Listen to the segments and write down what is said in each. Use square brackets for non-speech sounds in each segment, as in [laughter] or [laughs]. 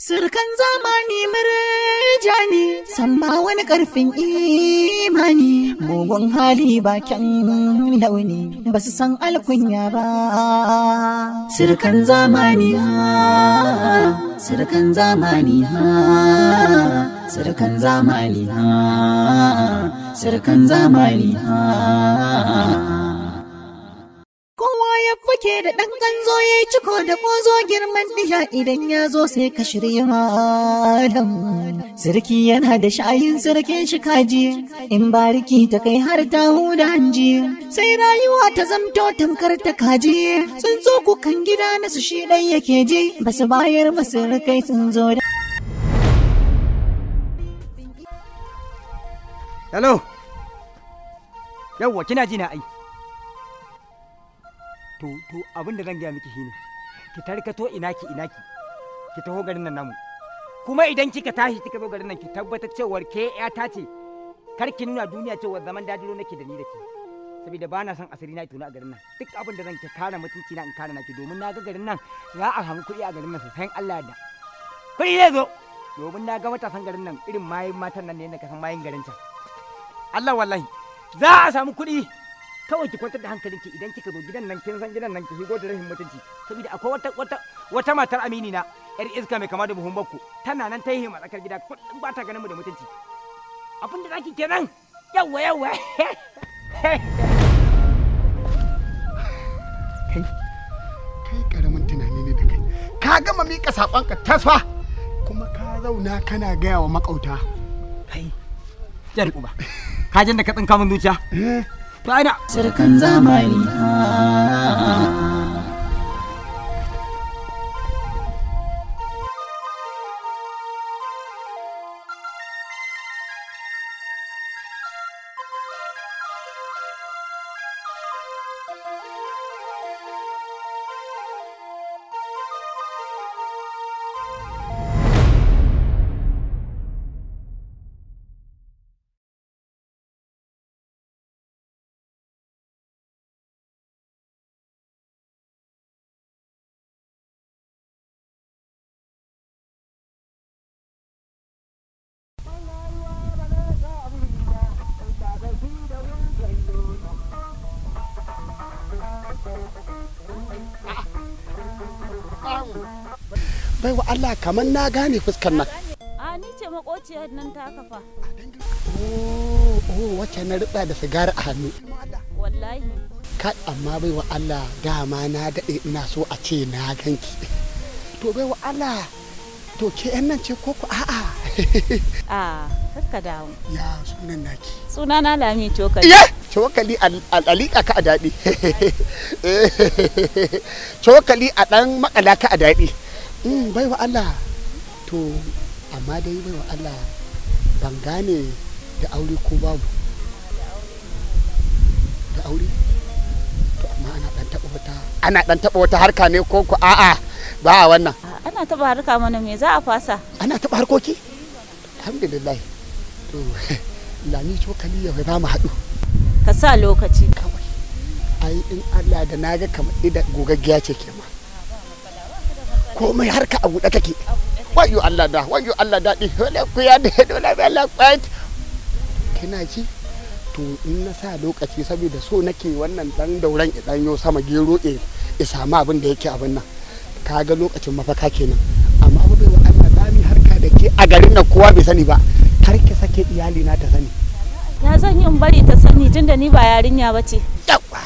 Surkan zamani murja ne, samma wani ƙarfin imani, mugun hali bakin launi, ba su san alkunya ba. Surkan zamani ha, surkan zamani ha, zamani ha, zamani ha. ya fuke da ɗan ganzo ya yi ciko da ƙozo girman diya idan ya zo sai ka shirya malam. Sarki yana da sha'ayin sarkin shi kaji, in bariki ta kai har ta huda hanji, sai rayuwa ta zamto tamkar ta kaji, zo kukan gida na su shi ɗan yake ji, Ba su bayar masu rikai sun zo da. Hello, kina ji na ai. to to abin da zan gaya miki shine ki tarkato ina ki ina ki ki taho garin nan namu kuma idan kika tashi kika zo garin nan ki tabbatar cewar ke ta ce kar ki nuna duniya cewa zaman dajiro nake da ni da ke saboda ba na son asiri na tuna a garin nan duk abin da zan ki kare mutunci na in kare naki domin na ga garin nan za a samu kuɗi a garin nan sosai Allah da kuɗi zai zo domin na ga matasan garin nan irin mayin matan nan ne na kasan mayin garin can Allah wallahi za a samu kuɗi kawai ki kwantar da hankalinki idan kika zo gidan nan kin san gidan nan ki shigo da rashin mutunci saboda akwai wata wata wata matar amini na yar iska mai kama da buhun bakko tana nan ta yi hima tsakar gida ba ta ganin mu da mutunci abinda zaki kenan yawa yawa kai kai karamin tunani ne da kai ka gama mika ka tasfa kuma ka zauna kana gaya wa makauta kai jar uba ka jin da ka tsinka min zuciya eh. Fa'ida. Sarkan zamani. Ah, ah, ah, bai wa Allah kamar na gane fuskar nan a ni ce makociyar nan ta kafa oh oh wacce na riba da sigar a hannu wallahi Kat amma bai wa Allah dama na daɗe ina so a ce na ganki to bai wa Allah to ke yan nan ce koko a'a a [laughs] ah, kakka dawo ya sunan naki sunana lami cokali cokali alika ka a daɗi [laughs] eh, [laughs] cokali a ɗan makala ka a daɗi Mm, in wa Allah to amma dai bai wa Allah ban gane da aure ko babu da aure to amma ana dan taba wata ana dan taba wata harka ne ko ko a'a ba a wannan ana taba harka mana me za a fasa ana taba harkoki alhamdulillah to lami [laughs] cokali ya ba mu hadu ka sa lokaci kawai ai in Allah da naga kamar idan gogaggiya ce ke komai harka a buɗe kake wayo Allah da wayo Allah da dole ku ya da dole bela kwait kina ji to in na sa lokaci saboda so nake wannan dan dauran idan yo sama gero e ya samu abin da yake abin nan kaga lokacin mafaka kenan amma ba bai Allah dami harka da ke a garin nan kowa bai sani ba kar ki sake iyali na ta sani ya zan yi in bari ta sani tunda ni ba yarinya bace yawa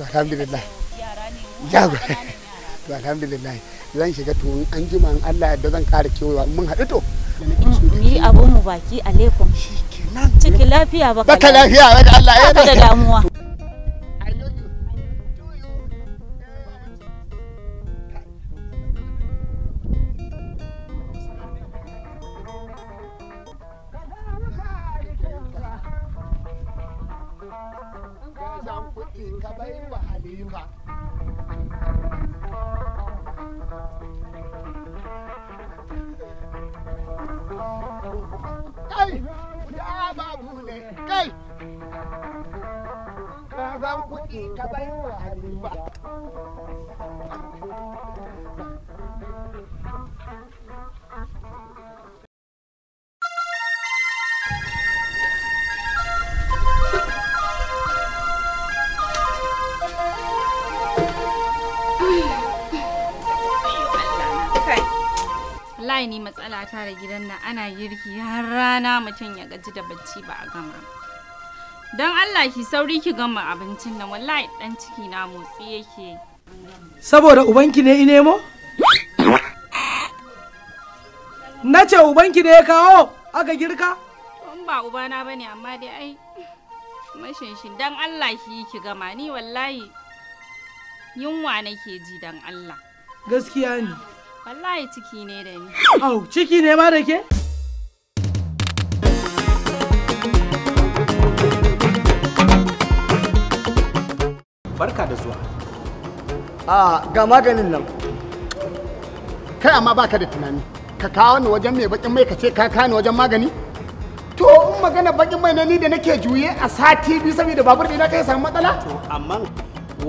alhamdulillah yara ne to alhamdulillah zan shiga to an jima in Allah yadda zan kara kewayewa mun haɗu to ni abun mu baki alaikum shikenan ciki lafiya baka lafiya eh, baka Allah ya da damuwa wallahi ni matsala ta da gidan nan ana girki har rana mutum ya gaji da bacci ba a gama don allah ki sauri ki gama abincin nan wallahi dan ciki na motsi yake saboda ubanki ne inemo na ce ubanki ne ya kawo aka girka in ba ubana bane amma dai ai mashinshin don allah ki yi ki gama ni wallahi yunwa nake ji don allah gaskiya ne Wallahi ciki ne da ni. Au, ciki ne ma da ke? Barka da zuwa. A ga maganin nan. Kai amma baka da tunani. Ka kawo ni wajen mai bakin mai ka ce ka kawo ni wajen magani? To in magana bakin mai na ni da nake juye a sati biyu saboda babur na kai samu matsala? To amma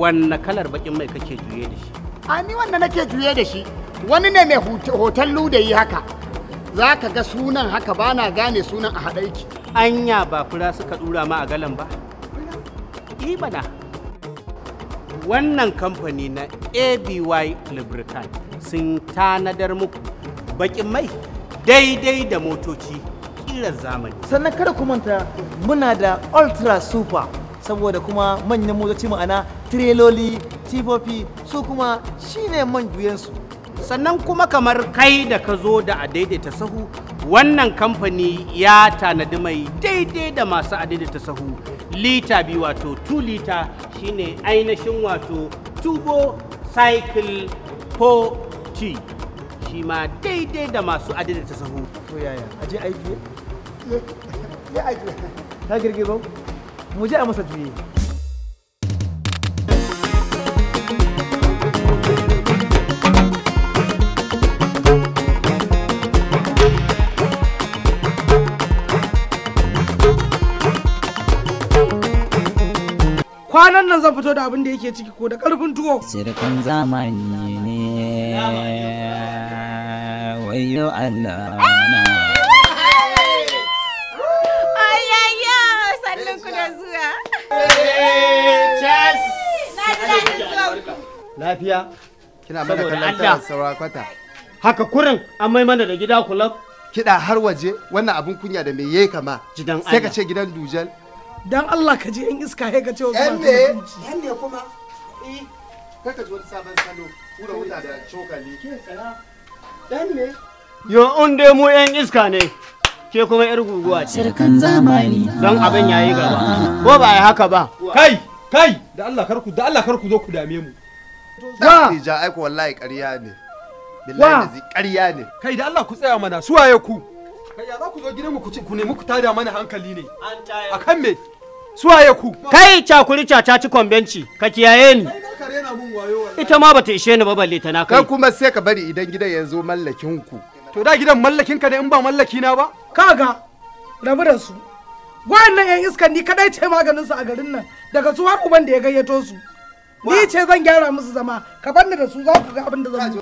wanne kalar bakin mai kake juye da shi? A ni wanda nake juye da shi wani ne mai hoton yi haka za ka ga sunan haka ba na gane sunan a haɗaiki anya ba fura suka ɗura ma a galan ba ibana wannan kamfani na aby lubricant sun tanadar muku bakin mai daidai da motoci ƙirar zamani sannan kada ku manta muna da ultra super saboda kuma manyan motoci ma'ana tireloli tifofi su kuma shine man juyensu sannan kuma kamar kai da ka zo da a daidaita sahu wannan kamfani ya tanadi mai daidai da masu a daidaita sahu lita biyu wato 2 lita shine ainihin wato tubo cycle po t shi ma daidai da masu a daidaita sahu to yaya aje aiki ya aiki [laughs] ta girgiro mu je a masa juye kwanan nan zan fito da abin da yake ciki ko da karfin tuwo sirkin zamani ne wayo Allah na ayayya sallin ku da zuwa lafiya kina mana kallon ta saura kwata haka kurin an mai mana da gida kulab kiɗa har waje wannan abin kunya da me yayi kama sai ka ce gidan dujal dan Allah ka ji yan iska ya ka ce wa yan me yan ne kuma eh kai ka ji wani sabon salo kura wuta da cokali ke tsaya dan me yo in dai mu yan iska ne ke kuma yar guguwa ce sarkan zamani dan abin yayi gaba ko ba ai haka ba kai kai da Allah karku da Allah karku zo ku dame mu wa ja aiko wallahi ƙarya ne billahi da ƙarya ne kai da Allah ku tsaya mana suwaye ku kai ya za ku zo gidan mu ku nemi ku tada mana hankali ne akan me suwaye ku kai cakuri caca ci kwambenci ka kiyaye ni ita ma bata ishe ni ba balle ta na kai kuma sai ka bari idan gidan ya zo mallakin ku to da gidan mallakin ka ne in ba mallaki na ba kaga rabu da su wa'annan yan iskan ni kadai ce maganin su a garin nan daga su har uban da ya gayyato su ni ce zan gyara musu zama ka banni da su za ku ga abin da zan yi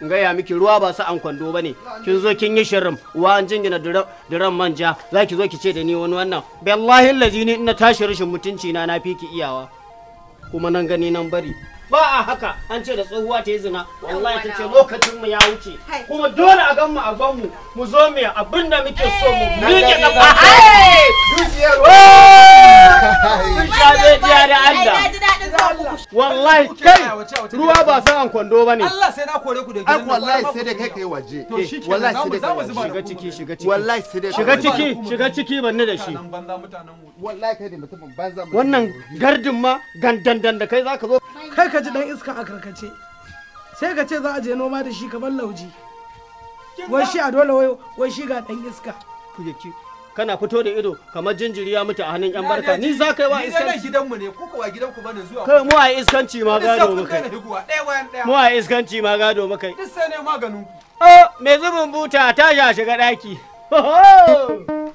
gaya miki ruwa ba su an kwando ba ne kin zo kin yi shirin wa an jingina duran manja za ki zo ki ce da ni wani wannan billahi lazi ni ina tashi rashin mutunci na na fi ki iyawa kuma nan gani nan bari ba a haka an ce da tsohuwa ta yi zina wallahi ta ce lokacin mu ya wuce kuma dole a gan mu a gan mu mu zo mu abin da muke so mu miƙe kafa ba wa kun da Allah wallahi ruwa ba san an kwando bane Allah sai na kore ku da gidan wallahi sai dai kai kai waje wallahi sai dai shiga ciki shiga ciki wallahi sai dai shiga ciki shiga ciki banne da shi wallahi kai da mutumin banza wannan gardin ma gandandan da kai zaka zo kai ka ji dan iska a karkace sai ka ce za a je noma da shi kamar lauji wai shi a dole wai shi ga dan iska ku kana fito da ido kamar jinjiri ya mutu a hannun yan barka ni za ka yi wa iskanci ni gidanmu ne ko kuwa gidanku bane zuwa kai mu a iskanci ma gado muka mu a iskanci ma gado muka duk sai ne maganin ku oh me zubin buta ta shiga daki ho ho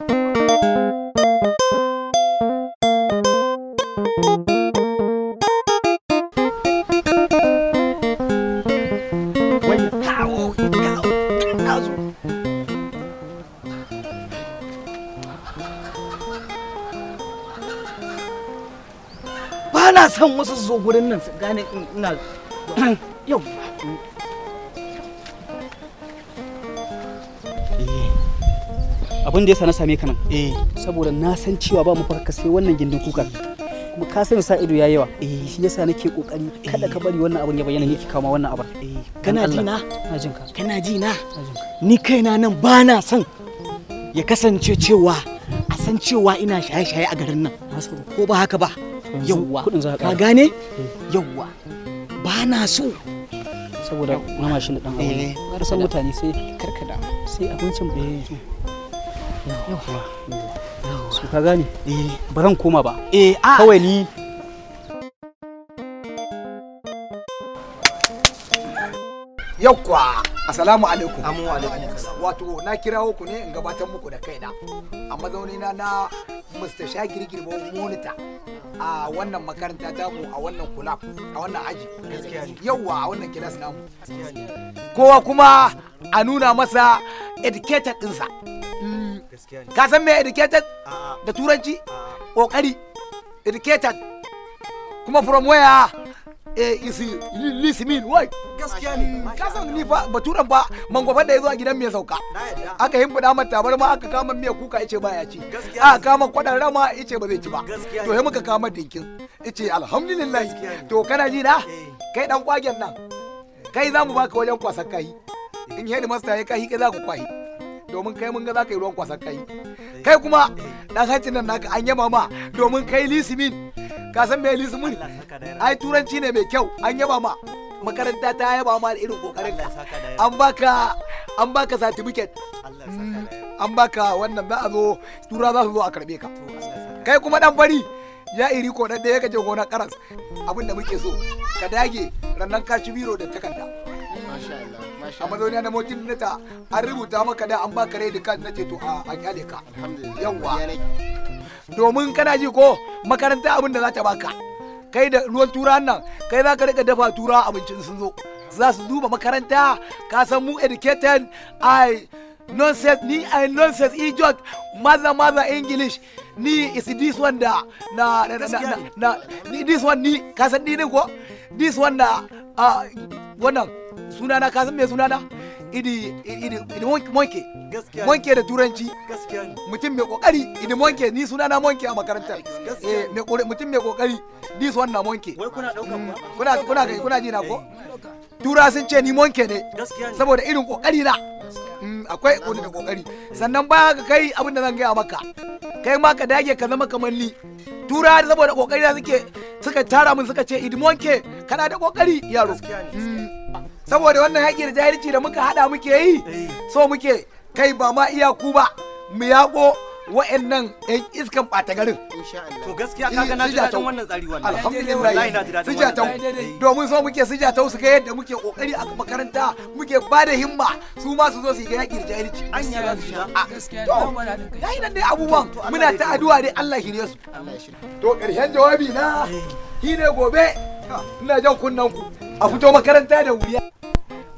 na son wasu zo gurin nan su gane ina [clears throat] yau eh. abin da yasa na same ka nan eh saboda na san cewa ba mu farka sai wannan gindin kuka kuma ka sani sa ido yayi yawa eh shi yasa nake kokari kada ka bari wannan abin ya bayyana ki kawo wannan abin eh kana ji na na jin ka kana ji na ni kaina nan ba na son ya kasance cewa a san cewa ina shaye-shaye a garin nan ko ba haka ba yawwa ka gane mm. yawwa ba na so saboda mama mashin da dan aure har san mutane sai karkada sai abincin bai yi eh. yawwa su ka gane eh. ba zan koma ba eh a kawai ni yawwa Assalamu alaikum. Assalamu alaikum. Wato na kirawo ku ne in gabatar muku da kaina a mazaunina na Mr. Shagir Girbo Monita a wannan makaranta ku a wannan kulab a wannan aji yauwa a wannan kilas namu kowa kuma a nuna masa educated ɗinsa hmm. ka san mai educated da turanci ƙoƙari educated kuma from where a eh, is lisi wai gaskiya ne ka san ni fa baturan ba mangwafa da yazo a gidan mai sauka aka yin buda mata tabar ma aka kama miya kuka yace ba ya ci aka kama kwadan rama yace ba zai ci ba to ya muka kama dinkin yace alhamdulillah to kana ji na eh. kai dan kwagen nan kai za mu baka wajen kwasan kai eh. in hedi master ya kai kai za ku kwai domin kai mun ga za ka yi ruwan kwasan kai kai kuma dan hancin nan naka an yaba ma domin kai lisimin ka san me lisu muni ai turanci ne mai kyau an yaba ma makaranta ta yaba ma irin kokarin ka an baka an baka certificate an baka wannan za a zo tura za su zo a karbe ka kai kuma dan bari ya iri ko da ya kaje gona karas abin da muke so ka dage rannan ka biro da takarda a mazauniya na motin nata an rubuta maka da an baka rai da kan na ceto a an yade ka yawwa domin kana ji ko makaranta abin da za ta baka kai da ruwan tura nan kai za ka rika dafa tura abincin sun zo za su duba makaranta ka san mu educated i nonsense ni i nonsense idiot maza maza english ni is this one da na na na na ni this one ni ka san ni ne ko this one da ah, wannan sunana ka san me sunana idi idi idi monke monke da turanci mutum mai kokari idi monke ni suna na monke a makarantar eh mutum mai kokari ni suna na monke kuna kuna kuna ji na ko tura sun ce ni monke ne saboda irin kokari na mm, akwai kuni da kokari sannan baya ka kai abin da zan gaya maka kai ma ka dage ka zama kamar ni tura saboda kokari na suke suka tara mun suka ce idi monke kana da kokari yaro saboda wannan haƙi da jahilci da muka haɗa muke yi eh. so muke kai ba ma iyaku ba mu yaƙo wa'annan yan iskan ɓata garin. To gaskiya ka ga na ji daɗin wannan tsari wannan. Alhamdulillah. Sijatau. Eh. Domin so muke sijatau su ga yadda muke kokari a makaranta muke ba da himma su ma su zo su ga yaƙi da jahilci. An yi su shiga. Ah, to yi nan dai abubuwan muna ta addu'a dai Allah shirye su. To ƙarshen jawabi na eh. shine gobe ina jan kunnen ku a fito makaranta da wuri.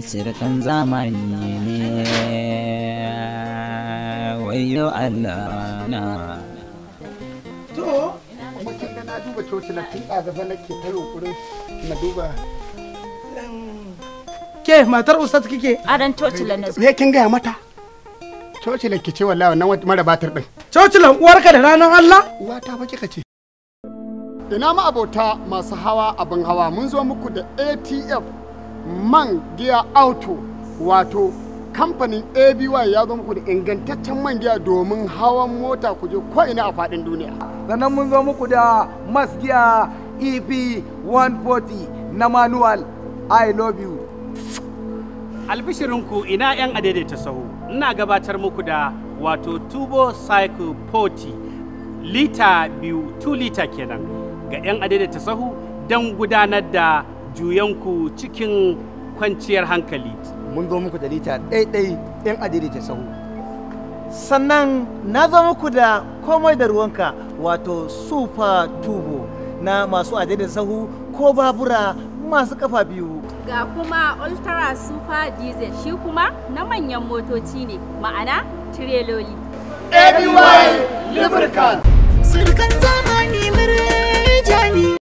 sirkan zamani ne wayo Allah na to mutum da na duba coci na nake ta yunkurin na duba ke matar ustaz kike adan coci la nazo me kin gaya mata coci la kice wallahi wannan mara batar din coci la uwarka da ranar Allah uwa ta ba kika ce ina ma abota masu hawa abin hawa mun zo muku da ATF man giya auto wato kamfanin aby ya zo muku da ingantaccen man giya domin hawan mota ku je ina a fadin duniya sannan mun zo muku da mas giya ep 140 na manual i love you albishirinku ina 'yan adaidaita sahu ina gabatar muku da wato tubo cycle 40 lita biyu 2 lita kenan ga 'yan adaidaita sahu don gudanar da juyanku cikin kwanciyar hankali mun zo muku da lita ɗaiɗai ɗin adiri ta sahu sannan na zo muku da komai da ruwanka wato sufa tubo na masu adiri sahu ko babura masu kafa biyu ga kuma ultra super diesel shi kuma na manyan motoci ne ma'ana tireloli Everywhere, Lubricant Sirkan zamani murjani